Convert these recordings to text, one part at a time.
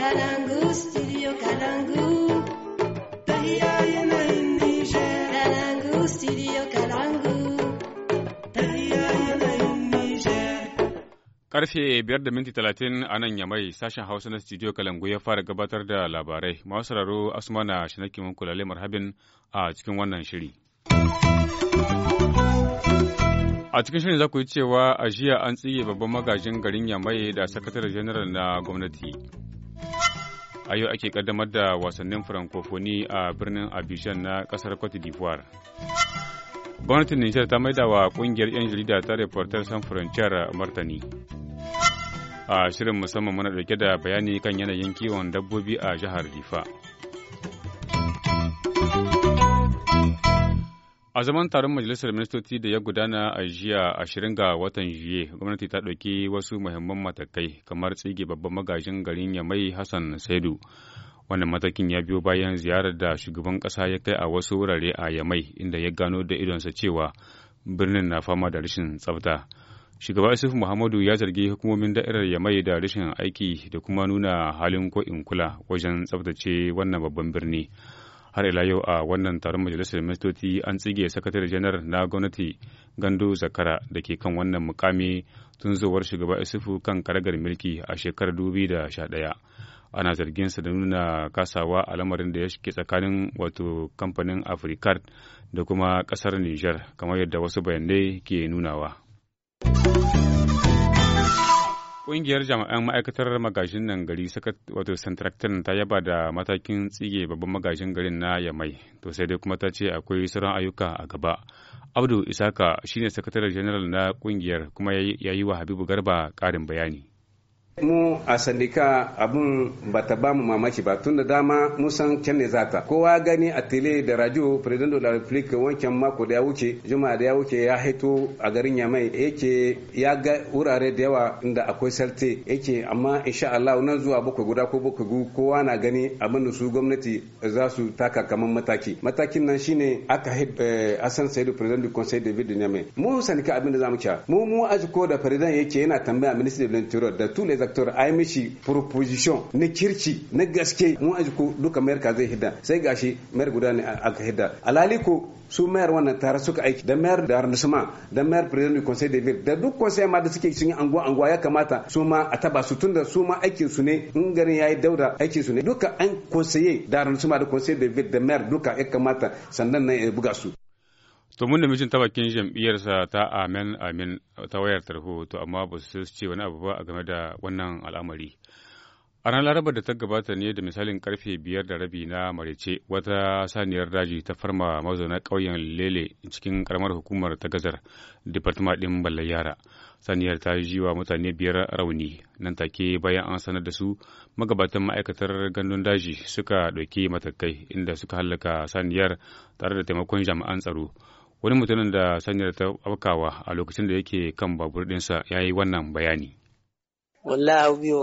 Kalangu, Karfe biyar da minti talatin a nan yamai sashen Hausa na studio Kalangu ya fara gabatar da labarai. Masu sauraro Asmana Shinaki mun kulale marhabin a cikin wannan shiri. A cikin shirin za ku yi cewa a jiya an tsige babban magajin garin Yamai da sakatare janar na gwamnati. a yau ake kaddamar da wasannin francophonie a birnin abidjan na kasar cote d'ivoire gwamnatin nijar ta maida wa kungiyar 'yan jarida ta reporter san frontier martani a shirin musamman muna dauke da bayani kan yanayin kiwon dabbobi a jihar rifa A zaman taron Majalisar Ministoci da ya gudana a jiya ashirin ga watan Juye, gwamnati ta ɗauki wasu muhimman matakai kamar tsige babban magajin garin Yamai Hassan Saidu. Wannan matakin ya biyo bayan ziyarar da shugaban ƙasa ya kai a wasu wurare a Yamai inda ya gano da idonsa cewa birnin na fama da rashin tsafta. Shugaba Isuf Muhammadu ya zargi hukumomin da'irar Yamai da rashin aiki da kuma nuna halin ko in kula wajen tsaftace wannan babban birni. har ila yau a wannan taron majalisar ministoci an tsige sakatare janar na gwamnati gandu zakara da ke kan wannan mukami tun zuwar shugaba isufu kan karagar milki a shekarar 2011 ana zargin sa da nuna kasawa a lamarin da ya shige tsakanin wato kamfanin afirkar da kuma kasar niger kamar yadda wasu bayanai ke nunawa. Ƙungiyar jami'an ma'aikatar magajin nan gari wato santraktan ta yaba da matakin tsige babban magajin garin na Yamai, to sai dai kuma ta ce akwai sauran ayyuka a gaba. Abdu Isaka shine sakataren janar na kungiyar kuma ya yi wa Habibu Garba ƙarin bayani. mu a sandika abun ba ta bamu mamaki ba tun da dama musan can ne zata kowa gani a tele da radio president of the republic wancan mako da ya wuce juma'a da ya wuce ya haito a garin yamai yake ya ga wurare da yawa inda akwai salte yake amma insha Allah nan zuwa bakwai guda ko bakwai gu kowa na gani abin da su gwamnati za su taka kaman mataki matakin nan shine aka eh, Hassan saidu president du conseil de ville de yamai mu sandika abin da zamu ci mu mu ko da president yake yana tambaya minister de interior da tule zaktor ai mishi proposition na kirci na gaske mu aji ko duka mayar ka zai hidda sai gashi mayar guda ne aka hidda alhali ko su mayar wannan tare suka aiki da mayar da arrondissement da mayar president du conseil de ville da duk conseil ma da suke yi anguwa anguwa ya kamata su ma a taba su tunda su ma aikin su ne in garin yayi dauda aikin su ne duka an conseil da arrondissement da conseil de ville da mayar duka ya kamata sannan nan ya buga su To mun mijin ta bakin jam'iyyarsa ta amen amen ta wayar tarho to amma ba su ce wani abu ba a game da wannan al'amari. A ranar Laraba da ta gabata ne da misalin karfe biyar da rabi na marece wata saniyar daji ta farma mazauna ƙauyen Lele cikin karamar hukumar ta gazar Departement din Ballar Yara. Saniyar ta yi wa mutane biyar rauni nan take bayan an sanar da su magabatan ma'aikatar gandun daji suka ɗauki matakai inda suka hallaka saniyar tare da taimakon jami'an tsaro. wani mutumin da sanya ta aukawa a lokacin da yake kan babur ɗinsa ya yi wannan bayani Wallahi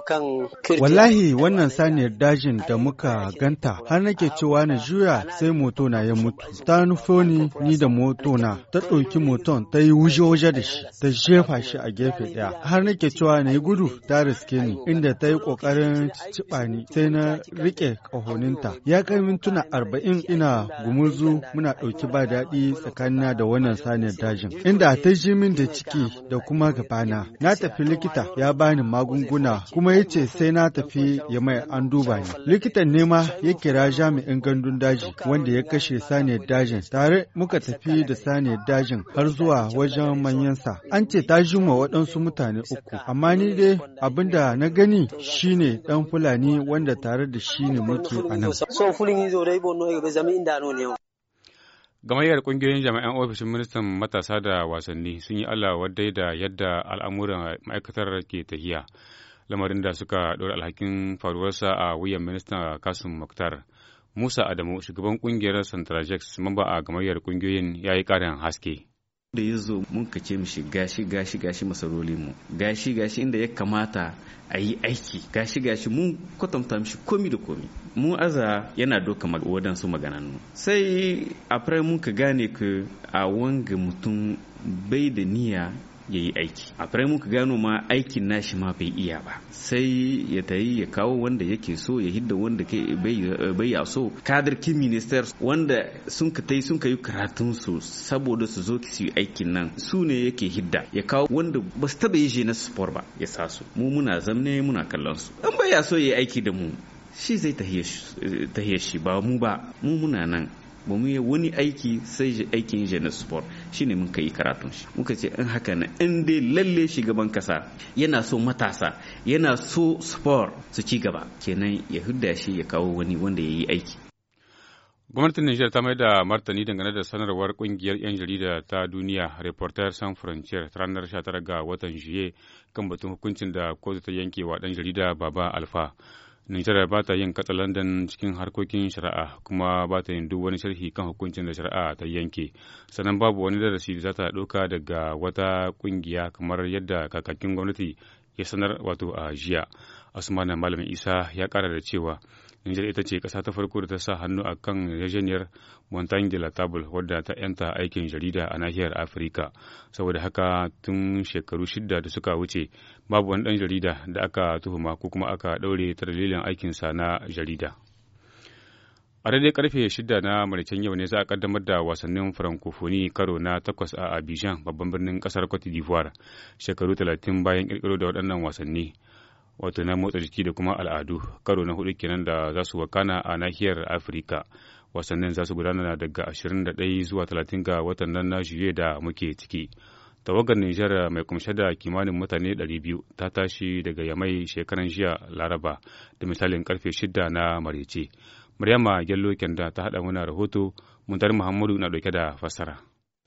wannan saniyar dajin da muka ganta har nake cewa na juya sai moto na ya mutu. Ta nufo ni da moto na ta ɗauki moton ta yi wuje waje da shi ta jefa shi a gefe ɗaya. Har nake cewa na yi gudu ta riske ni inda ta yi ƙoƙarin ciɓa ni sai na riƙe ƙahoninta. Ya kai mintuna arba'in ina gumuzu, muna ɗauki ba daɗi tsakanina da wannan saniyar dajin. Inda ta ji min da ciki da kuma gabana. Na tafi likita ya bani magunguna. magunguna kuma ya ce sai na tafi ya mai an duba ni. Likitan nema ya kira jami'in gandun daji wanda ya kashe saniyar dajin tare muka tafi da saniyar dajin har zuwa wajen manyansa. An ce ta ma waɗansu mutane uku amma ni dai abin da na gani shine ɗan Fulani wanda tare da shi ne muke a nan. Gamayyar ƙungiyoyin jami'an ofishin ministan matasa da wasanni sun yi Allah wadai da yadda al'amuran ma'aikatar ke tahiya, lamarin da suka ɗora alhakin faruwarsa a wuyan ministan Kasim Mukhtar. Musa Adamu, shugaban ƙungiyar Santrajex, mamba a gamayyar ƙungiyoyin ya yi ƙarin haske. da ya zo mun kace mishi gashi gashi gashi masarolin mu gashi gashi inda ya kamata a yi aiki gashi gashi mun kwatanta mishi komi da komi mu aza yana doka wadansu magananu sai a mun ka gane ka a wanga mutum bai da niyya ya yi aiki a fara muka gano ma aikin nashi ma bai iya ba sai ya tayi ya kawo wanda yake so ya hidda wanda bai ya so kadar ki minister wanda sun ka tai sun ka yi karatun su saboda su zo su aikin nan su ne yake hidda ya kawo wanda ba su taba yi je na sport ba ya sa su mu muna zamne muna kallon su an bai ya so ya yi aiki da mu shi zai tahiyar shi ba mu ba mu muna nan ba mu yi wani aiki sai aikin na sport Shi ne mun yi karatun shi muka ce in haka na in dai lalle shugaban kasa yana so matasa yana so sport su ci gaba kenan ya hudda shi ya kawo wani wanda ya yi aiki gwamnatin niger ta mai da martani dangane da sanarwar kungiyar 'yan jarida ta duniya reporter san frontier ta ranar 19 ga watan juye kan batun hukuncin da kotu ta yankewa wa dan jarida baba alfa Nijar ba ta yin katsalandan cikin harkokin shari'a kuma ba ta yin duk wani sharhi kan hukuncin da shari'a ta yanke. Sannan babu wani darasi da za ta ɗauka daga wata ƙungiya kamar yadda kakakin gwamnati ya sanar wato a jiya. Asmana Malam Isa ya kara da cewa Nijar ita ce ƙasa ta farko da ta sa hannu a kan yarjejeniyar Montagne de la Table wadda ta yanta aikin jarida a nahiyar Afirka. Saboda haka tun shekaru shida da suka wuce babu wani ɗan jarida da aka tuhuma ko kuma aka ɗaure ta dalilin aikinsa na jarida. a daidai karfe shida na maricen yau ne za a kaddamar da wasannin francophonie karo na takwas a abidjan babban birnin ƙasar cote d'ivoire shekaru talatin bayan kirkiro da waɗannan wasanni wato na motsa jiki da kuma al'adu karo na hudu kenan da za su wakana a nahiyar afirka wasannin za su gudana daga 21 zuwa 30 ga watan nan na juye da muke ciki tawagar nijar mai kumshe da kimanin mutane 200 ta tashi daga yamai shekaran jiya laraba da misalin karfe 6 na marece maryama gello kenda ta hada muna rahoto muntar muhammadu na dauke da fassara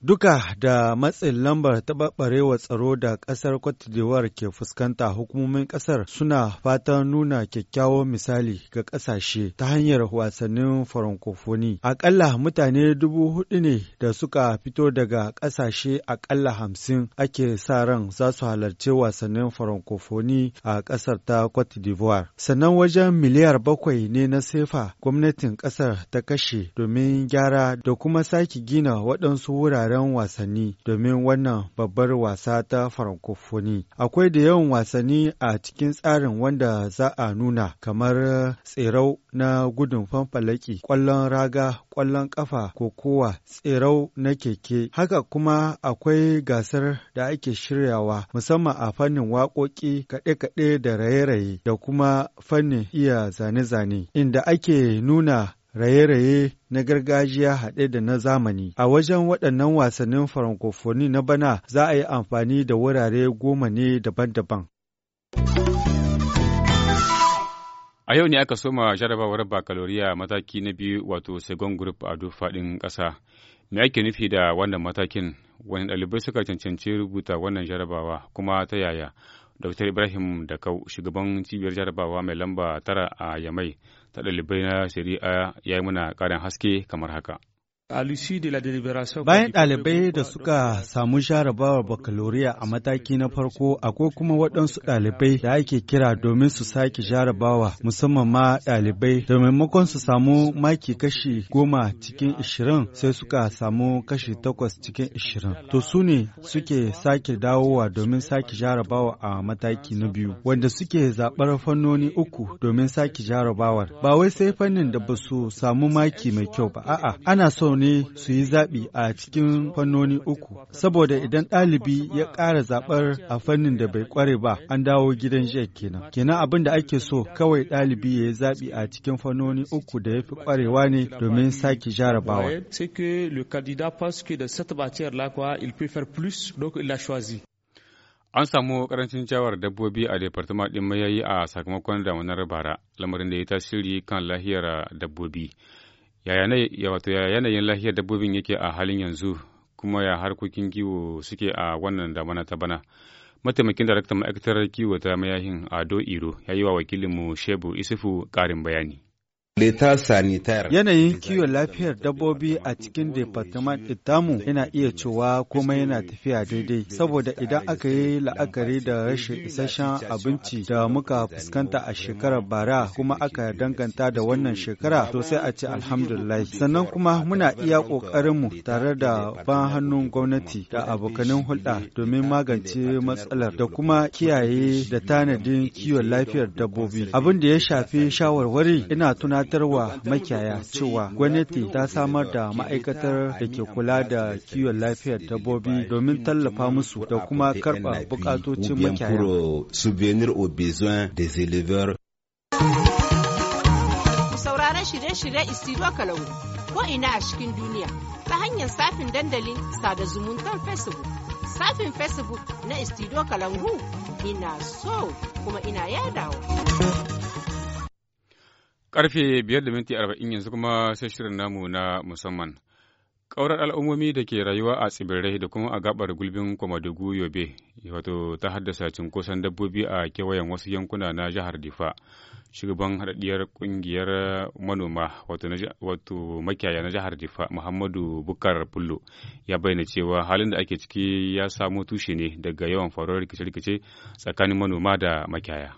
Duka da matsin lambar taɓaɓɓarewa tsaro da ƙasar Cote d'Ivoire ke fuskanta hukumomin ƙasar suna fatan nuna kyakkyawan misali ga ƙasashe ta hanyar wasannin farankofoni. Aƙalla mutane dubu hudu ne da suka fito daga ƙasashe aƙalla hamsin ake sa ran za su halarci wasannin farankofoni a ƙasar ta Cote d'Ivoire. Sannan wajen miliyar bakwai ne na sefa gwamnatin ƙasar ta kashe domin gyara da kuma sake gina waɗansu wurare taron wasanni domin wannan babbar wasa ta farankofoni. Akwai da yawan wasanni a cikin tsarin wanda za a nuna kamar tsirau na gudun fanfalaki, ƙwallon raga, ƙwallon ƙafa, kokowa, tsirau na keke. Haka kuma akwai gasar da ake shiryawa musamman a fannin waƙoƙi kaɗe-kaɗe da raye-raye da kuma fannin iya zane-zane inda ake nuna raye-raye na gargajiya haɗe da na zamani. A wajen waɗannan wasannin farankofoni na bana za a yi amfani da wurare goma ne daban-daban. A yau ne aka soma jarabawar bakaloriya mataki na biyu wato second group a duk faɗin ƙasa. Me ake nufi da wannan matakin? Wani ɗalibai suka cancanci rubuta wannan jarabawa kuma ta yaya? Dr. Ibrahim Dakau, shugaban cibiyar jarabawa mai lamba tara a Yamai ta ɗalibai na shari'a ya yi muna ƙarin haske kamar haka. Bayan ɗalibai da suka samu jarabawar bakaloriya a mataki na farko akwai kuma waɗansu ɗalibai da ake kira domin su sake jarabawa musamman ma ɗalibai da maimakon su samu maki kashi goma cikin ishirin sai suka samu kashi takwas cikin ishirin. To su ne suke sake dawowa domin sake jarabawa a mataki na biyu wanda suke zaɓar fannoni uku domin sake jarabawar. Ba wai sai fannin da ba su samu maki mai kyau ba a'a ana so ne su yi zaɓi a cikin fannoni uku, saboda idan ɗalibi ya ƙara zaɓar a fannin da bai ƙware ba, an dawo gidan jiya kenan. Kenan abin da ake so kawai ɗalibi ya yi zaɓi a cikin fannoni uku da ya fi ƙwarewa ne domin sake jarabawa. An samu karancin jawar dabbobi a departama ɗin mayayi a sakamakon damunar bara, lamarin da ya tasiri kan lahiyar dabbobi. yaya yanayin lafiyar dabbobin yake a halin yanzu kuma ya harkokin kiwo suke a wannan damana ta bana mataimakin daraktan ma'aikatar kiwo ta mayahin ado iro ya yi wa wakilinmu shebu isufu ƙarin bayani Yanayin kiwon lafiyar dabbobi a cikin departament itamu yana iya cewa komai yana tafiya daidai saboda idan aka yi la'akari da rashin isasshen abinci da muka fuskanta a shekarar bara kuma aka danganta da wannan shekara to sai a ce alhamdulillah sannan kuma muna iya mu tare da ban hannun gwamnati da abokanin hulɗa domin magance matsalar da kuma kiyaye da tanadin kiwon lafiyar dabbobi abin da ya shafi shawarwari ina tuna tunatarwa makiyaya cewa gwamnati ta samar da ma'aikatar da ke kula da kiwon lafiyar dabbobi domin tallafa musu da kuma karɓa bukatocin makiyaya. Euh, Sauraron shirye-shirye Isidro Kalau ko ina a cikin duniya ta hanyar safin dandalin sada zumuntar Facebook. Safin Facebook na Isidro Kalangu ina so kuma ina yadawa. Karfe biyar da minti arba'in yanzu kuma sai shirin namu na musamman. Ƙaurar al'ummomi da ke rayuwa a tsibirai da kuma a gabar gulbin Kwamadugu Yobe, wato ta haddasa cunkoson dabbobi a kewayen wasu yankuna na jihar Difa. Shugaban haɗaɗɗiyar ƙungiyar manoma wato makiyaya na jihar Difa, Muhammadu Bukar pullo ya bayyana cewa halin da ake ciki ya samo tushe ne daga yawan faruwar rikice-rikice tsakanin manoma da makiyaya.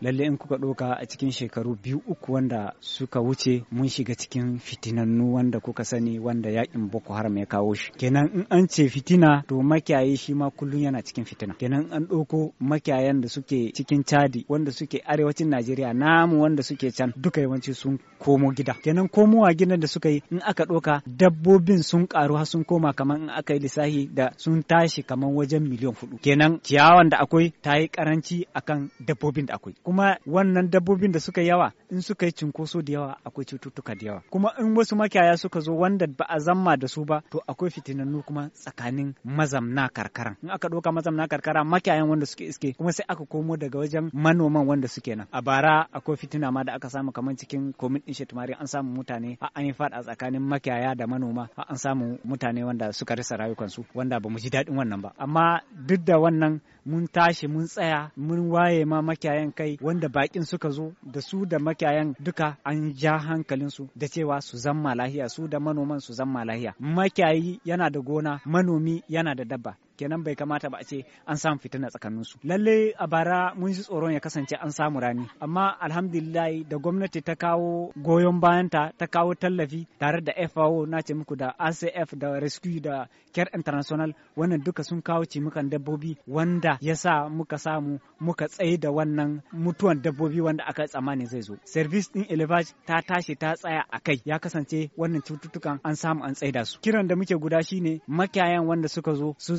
lalle in kuka ɗauka a cikin shekaru biyu uku wanda suka wuce mun shiga cikin fitinannu wanda kuka sani wanda yakin boko haram ya kawo shi kenan in an ce fitina to makiyayi shi ma kullum yana cikin fitina kenan an ɗauko makiyayan da suke cikin chadi wanda suke arewacin najeriya namu wanda suke can duka yawanci sun komo gida kenan komowa gidan da suka yi in aka ɗauka dabbobin sun karu har sun koma kamar in aka yi lissafi da sun tashi kamar wajen miliyan hudu kenan ciyawan da akwai ta yi karanci akan dabbobin da akwai kuma wannan dabbobin da suka yawa in suka yi cinkoso da yawa akwai cututtuka da yawa kuma in wasu makiyaya suka zo wanda ba a zamma da su ba to akwai fitinannu kuma tsakanin mazamna karkara in aka ɗauka mazamna karkara makiyayan wanda suke iske kuma sai aka komo daga wajen manoman wanda suke nan a bara akwai fitina ma da aka samu kamar cikin komin din shetumari an samu mutane a an yi faɗa tsakanin makiyaya da manoma a an samu mutane wanda suka rasa rayukansu wanda ba mu ji daɗin wannan ba amma duk da wannan mun tashi mun tsaya mun waye ma makiyayan kai wanda bakin suka zo da su da makiyayan duka an ja hankalinsu da cewa su zama lahiya su da manoman su zama lahiya makiyayi yana da gona manomi yana da dabba kenan bai kamata ba a ce an samu fitina tsakanin su lalle a bara mun ji tsoron ya kasance an samu rani amma alhamdulillah da gwamnati ta kawo goyon bayanta ta kawo tallafi tare da FAO na ce muku da ACF da Rescue da Care International wannan duka sun kawo cimukan dabbobi wanda ya sa muka samu muka tsaye da wannan mutuwan dabbobi wanda aka tsammani zai zo service din elevage ta tashi ta tsaya a kai ya kasance wannan cututtukan an samu an tsaida su kiran da muke guda shine makiyayan wanda suka zo su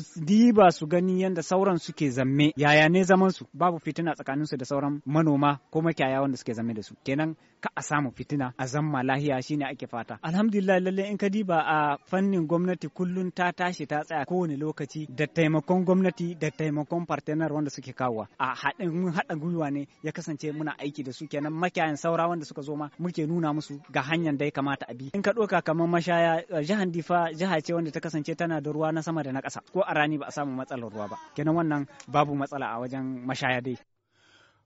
ba su gani yadda sauran suke zamme yaya ne zaman su babu fitina tsakanin su da sauran manoma ko makiyaya wanda suke zamme da su kenan ka a samu fitina a zamma lahiya shine ake fata alhamdulillah lalle in ka diba a fannin gwamnati kullun ta tashi ta tsaya kowane lokaci da taimakon gwamnati da taimakon partner wanda suke kawowa a haɗin haɗa gwiwa ne ya kasance muna aiki da su kenan makiyayan saura wanda suka zo ma muke nuna musu ga hanyar da ya kamata a bi in ka ɗoka kamar mashaya eh, jihar difa jiha ce wanda ta kasance tana da ruwa na sama da na ƙasa ko a rani ba a samu matsalar ruwa ba kenan wannan babu matsala a wajen mashaya dai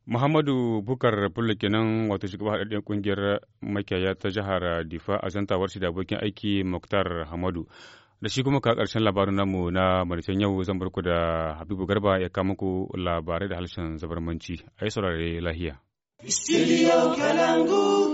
Muhammadu Bukar Bello kenan wato shugaba haɗaɗɗen ƙungiyar makiyaya ta jihar Difa a zantawar shi da abokin aiki Muktar Hamadu. Da shi kuma ka ƙarshen labarin namu na maricen yau zan barku da Habibu Garba ya kama muku labarai da harshen zabarmanci. A yi saurare lahiya. Studio Kalangu.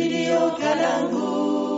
Studio calango.